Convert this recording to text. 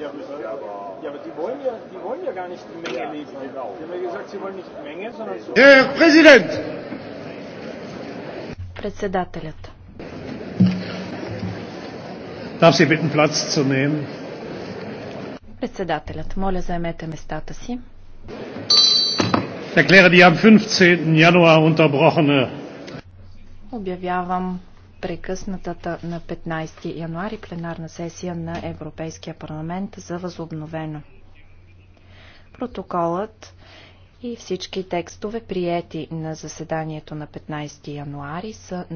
Ja, ja, aber die wollen ja, die wollen ja gar nicht die Menge liefern. Genau. Sie haben ja gesagt, sie wollen nicht Menge, sondern so. Herr Präsident! Председателят. Darf Sie bitten, Platz zu nehmen? Председателят, моля заемете местата си. Erkläre die am 15. Januar unterbrochene. Обявявам прекъснатата на 15 януари пленарна сесия на Европейския парламент за възобновено. Протоколът и всички текстове, приети на заседанието на 15 януари, са